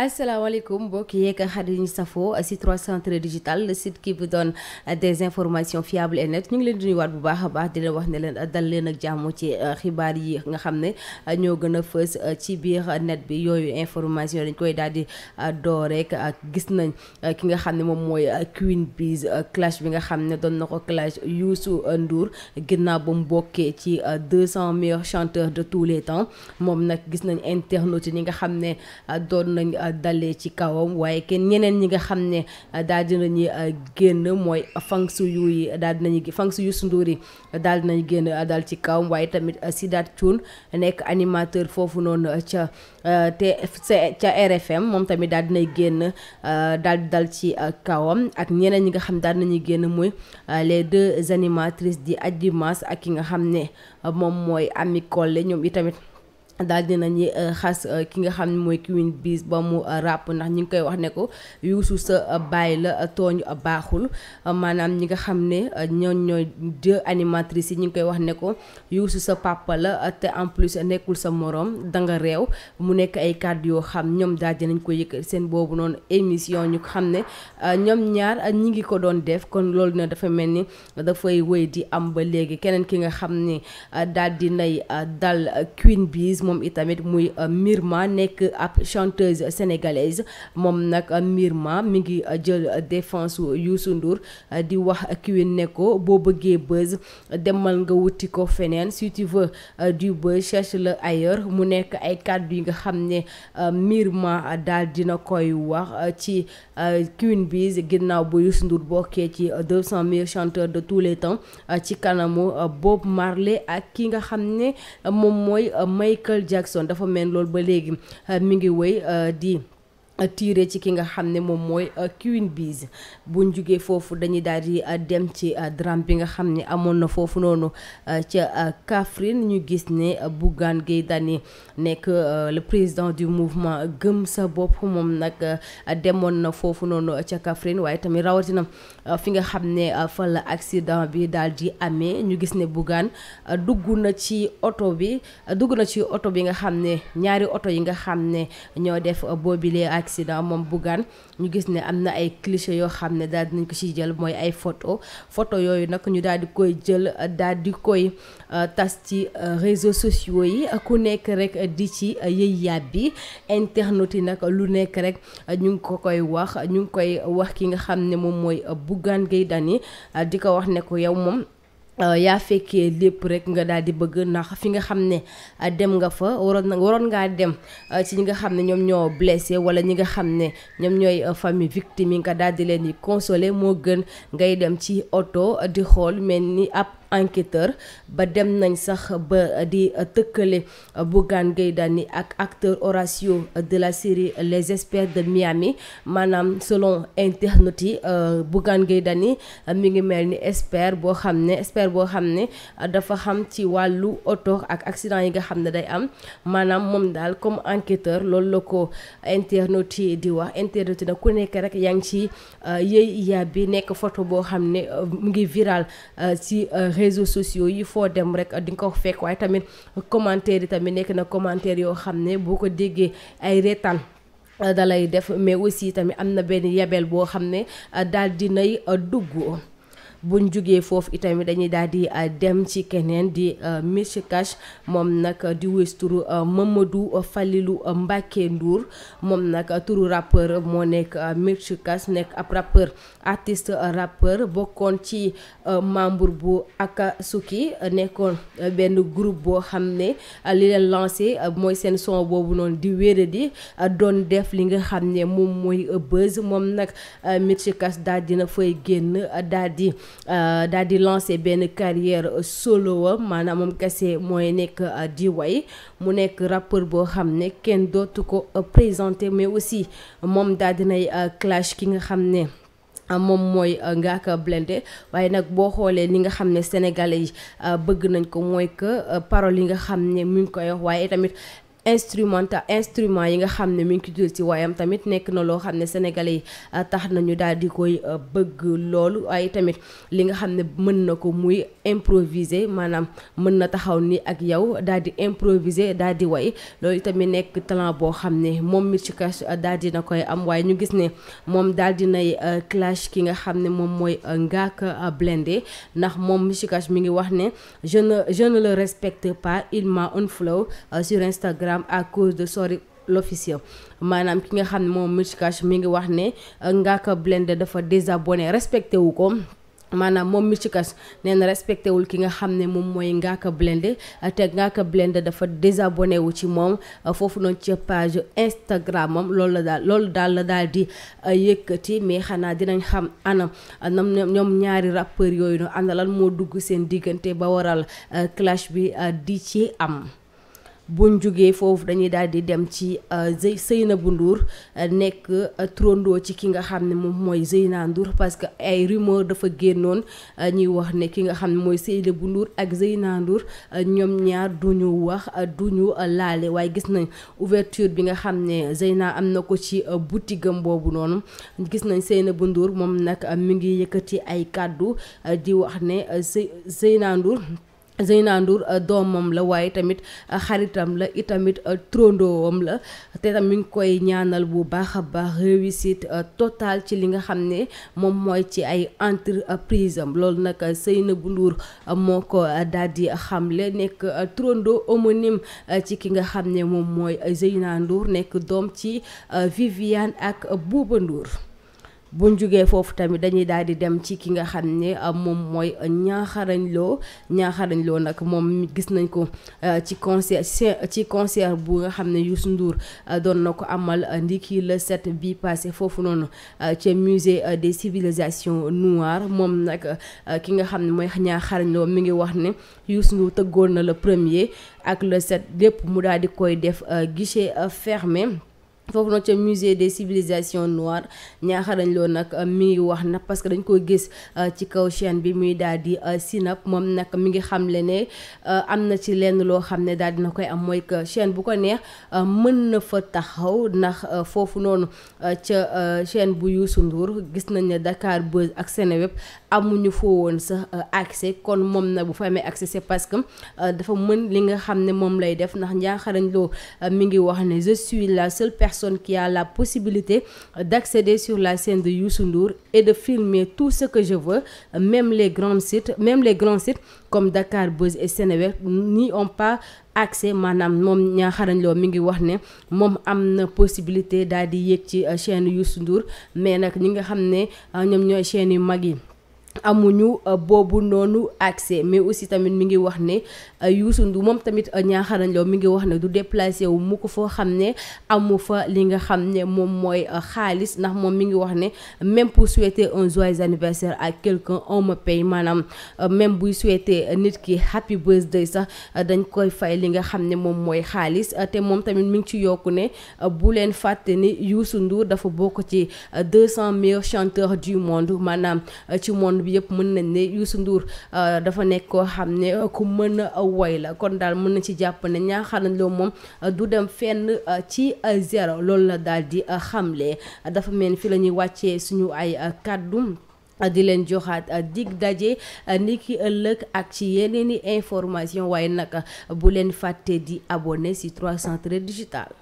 asalaamaaleykum mbokk yeeg xarit ñu safoo si 313 digital le site qui vous donne des informations fiable et nettes ñu ngi leen di nuyuwaat bu baax a baax di leen wax ne leen dal leen ak jàmm ci euh, xibaar yi nga xam ne euh, ñoo gën a fës euh, ci biir net bi yooyu information dañ koy daal di door rek gis nañ ki nga xam ne moom mooy Queen Biz clash bi nga xam ne doon na ko clash Youssou Ndour ginnaaw ba mu bokkee ci deux 200 meilleurs chanteurs de tous les temps moom nag gis nañ internautes yi nga xam ne doon nañ. dalee ci kawam waaye kenn ñeneen ñi nga xam ne uh, daal dinañu uh, génn mooy fansu yu uh, daal dinañu fansu yu sunduur yi daal dinañu génn daal ci kawam waaye tamit Sidath Thioune nekk animateur foofu noonu ca te ca RFM moom tamit daal dinay génn daal dal ci kawam ak ñeneen ñi nga xam daal dinañuy génn mooy les deux animatrices di Adji Mass ak ki nga xam ne moom mooy Ami Collé ñoom itamit daal dinañu euh, xas euh, ki nga xam ne mooy Queen Biz ba mu euh, ràpp ndax ñu ngi koy wax ne ko Youssou sa baay la tooñ baaxul maanaam ñi nga xam ne ñoom ñooy deux yi ñu ngi koy wax ne ko Youssou sa papa la en plus nekkul sa morom danga réew mu nekk ay kàddu yoo xam ñoom daal dinañ ko yëkkati seen boobu noonu émission ñu xam ne ñoom ñaar ñi ngi ko doon def kon loolu na dafa mel ni dafay wéy di am ba léegi keneen ki nga xam ne daal dinay dal Queen Biz moom itamit muy euh, Myrma nekk ab chanteuse sénégalaise moom nag euh, ma mi ngi euh, jël défense Youssou Ndour di wax kiwin nekko boo bëggee buzz demal nga wuti ko feneen si tu du buzz cherche le ailleurs mu nekk ay kàddu yi nga xam ne Myrma dal dina koy wax ci Queen Biz ginnaaw bu Youssou Ndour bokkee ci 200 000 chanteurs de tous les temps ci kanamu Bob Marley ak ki nga xam ne moom mooy Michael Michael Jackson dafa mel loolu ba léegi euh, mi ngi wéy euh, di tiré ci ki nga xam ne moom mooy euh, Queen Biz buñ jugee foofu dañuy daal di euh, dem ci euh, drame bi nga xam ne amoon na foofu noonu ca Kaffrine ñu gis ne Bougane Gueye Dany nekk le président du mouvement gëm sa bopp moom nag demoon na foofu noonu ca Kaffrine waaye tamit rawatina fi nga xam ne fa la accident bi daal di amee ñu gis ne Bougane dugg na ci oto bi dugg na ci oto bi nga xam ne ñaari oto yi nga xam ne ñoo def boobile ak accident moom Bougane ñu gis ne am na ay cliché yoo xam ne daal dinañ ko ci jël mooy ay photo photo yooyu nag ñu daal di koy jël daal di koy euh, tas ci euh, réseau sociaux yi ku nekk rek di ci euh, yëy yàbbi internautes yi nag lu nekk rek ñu ko koy wax ñu ngi koy wax ki nga xam ne moom mooy Bougane Gueye Dany di ko wax ne ko yow moom Euh, yaa fekkee lépp rek nga daal di bëgg ndax fi nga xam ne euh, dem nga fa waroon na waroon ngaa dem euh, ci ñi nga xam ne ñoom ñoo blessé wala ñi nga xam ne ñoom ñooy famille victime nga daal di leen di consoler moo gën ngay dem ci oto di xool mel ni ab enquêteur ba dem nañ sax ba di tëkkale Bougane Gueye Dany ak acteur Horatio de la série Les Experts de Miami maanaam selon internautes yi euh, Bougane Gueye Dany mi ngi mel ni espere boo xam ne expert boo xam ne dafa xam ci wàllu oto ak accident yi nga xam ne day am maanaam moom daal comme enquêteur loolu la ko internautes yi di wax internautes yi nag ku nekk rek yaa ngi ci euh, yëy yaab bi nekk photo boo xam ne euh, mu ngi viral ci réseaux sociaux yi foo dem rek dinga nga ko fekk waaye tamit commentaire yi tamit nekk na commentaire yoo xam ne boo ko déggee ay reetaan dalay def mais aussi tamit am na benn yabel boo xam ne dal di nay dugg buñ jógee foofu itamit dañuy daal di euh, dem ci keneen di euh, Miss Cash moom nag di wés turu euh, Mamadou Falilou Mbacké Ndour moom nag turu rappeur moo nekk Miss Cash nekk ab rappeur artiste rappeur bokkoon ci membre bu Akatsuki nekkoon benn groupe boo xam ne li leen lancé mooy seen son boobu noonu di wéere di doon def li nga xam ne moom mooy buzz moom nag Miss Cash daal dina fay génn daal di Euh, daal di lancé benn carrière solo wam maanaam moom gase mooy nekk euh, di way mu nekk rappeur boo xam ne kenn dootu ko euh, présenté mais aussi moom daal dinay clash ki nga xam ne moom mooy Ngaaka Blindé waaye nag boo xoolee li nga xam ne sénégalais yi bëgg nañ ko mooy que parole yi nga xam ne mu ngi koy waaye tamit instrumenta instrument yi nga xam ne mi ngi ko jël ci waayam tamit nekk na loo xam ne sénégalais yi euh, tax nañu daal di koy euh, bëgg loolu waaye tamit li nga xam ne mën na ko muy improviser maanaam mën na taxaw ni ak yow daal di improviser daal di way loolu tamit nekk talent boo xam ne moom Mitchie Cash daal di na koy am waaye ñu gis ne moom daal di nay euh, clash ki nga xam ne moom mooy Ngaaka Blindé ndax moom Mitchie mi ngi wax ne je ne le respecte par il m'a unfollow sur Instagram. am à cause de sori l'officier maanaam ki nga xam ne moom Mitch Cash mi ngi wax ne euh, Ngaaka Blindé dafa désabone respecté wu ko maanaam moom Mitch Cash nee na respecté wul ki nga xam ne moom mooy Ngaaka Blindé te Ngaaka Blindé dafa désabonné wu ci moom euh, foofu noonu ci page Instagram am loolu la daal loolu daal la daal di euh, yëkkati mais xanaa dinañ xam anam nam ñoom ñaari rappeurs yooyu noonu àndalal moo dugg seen diggante ba waral clash bi di ci am. buñ jugee foofu dañuy daal di dem ci euh, na bunduur euh, nekk euh, trondoo ci ki nga xam ne moom mooy Zeyna Ndour parce que ay rumeur dafa génnoon ñuy wax ne ki nga xam mooy Seynabou Ndour ak Zeyna Ndour ñoom ñaar duñu wax duñu laale waaye gis nañ ouverture bi nga xam ne Zeyna am na ko ci boutique am boobu noonu gis nañ Seynabou bunduur moom nag mu ngi yëkkati ay kàddu di wax ne Zeyna Ndour Zeyna Ndour euh, doomam la waaye tamit euh, xaritam la itamit euh, trondoom la te tam ngi koy ñaanal bu baax a baax réussite totale ci li nga xam ne moom mooy ci ay entreprise am lool nag Seynabou Ndour moo ko daal xamle nekk trondo homonyme ci ki nga xam ne moom mooy Zeyna Ndour nekk doom ci Viviane ak Bouba Ndour buñ jugee foofu tamit dañuy daal di dem ci ki nga xam ne euh, moom mooy ñaaxarañ loo ñaaxarañ loo nag moom gis nañ ko euh, ci concert ci concert bu nga xam ne Youssou Ndour euh, doon na ko amal ndiki le set bi passé foofu noonu ca musée des civilisations noires moom nag ki nga xam ne mooy ñaaxarañ loo mi ngi wax ne Youssou Ndour tëggoon na la premier ak le set lépp mu daal di koy def guichet fermé. foofu nag ca musée des civilisations noires ñaaxarañ loo euh, mi ngi wax nag parce que dañ ko gis euh, ci kaw chaîne bi muy daal di euh, sinap moom nag mi ngi xamle ne am na ci lenn loo xam ne daal dina koy am mooy que chaîne bu ko neex mën na fa taxaw ndax foofu noonu ca chaîne bu Youssou Ndour gis nañ ne Dakar Buzz ak Seneweb amuñu foo woon sax accès kon moom na bu fa amee accès c'est parce que dafa mën li nga xam ne moom lay def ndax ñaaxarañ loo mi ngi wax ne je suis personne qui la possibilité d'accéder sur la scène de Youssou Ndour et de filmer tout ce que je veux même les grands sites même les grands sites comme Dakar Buzz et Seneweb n'y on pas accès maanaam moom ñaa xarañ loo mi ngi wax ne moom am na possibilité daal di yéeg ci euh, chaîne Youssou nduur mais nag ñi nga xam ne euh, ñoom ñooy chaîne yu mag yi amuñu euh, boobu noonu accès mais aussi tamit mi ngi wax ne euh, Youssou Ndour moom tamit ñaaxarañ euh, loo mi ngi wax ne du déplacé wu mu ko foo xam ne amu fa li nga xam ne moom mooy xaalis ndax moom mi ngi wax ne même pour souhaiter un joyeux anniversaire à quelqu'un on me paye maanaam même buy souhaiter nit ki happy birthday sax dañ koy fay li nga xam ne moom mooy xaalis te moom tamit mu ngi ci yokku ne bu leen fàtte ni Youssou Ndour dafa bokk ci 200 meilleurs chanteurs du monde maanaam ci monde àdduna bi yëpp mën nañ ne Youssou Ndour euh, dafa nekk koo xam ne euh, ku mën a euh, woy la kon daal mën na ci jàpp ne ñaaxaanañ loo moom du dem fenn ci zéro loolu la daal di xamle dafa mel ni fi la ñuy wàccee suñu ay kàddu di leen joxaat dig daje ni ki ëllëg ak ci yeneeni information waaye nag bu leen fàtte di abonné si 313 digital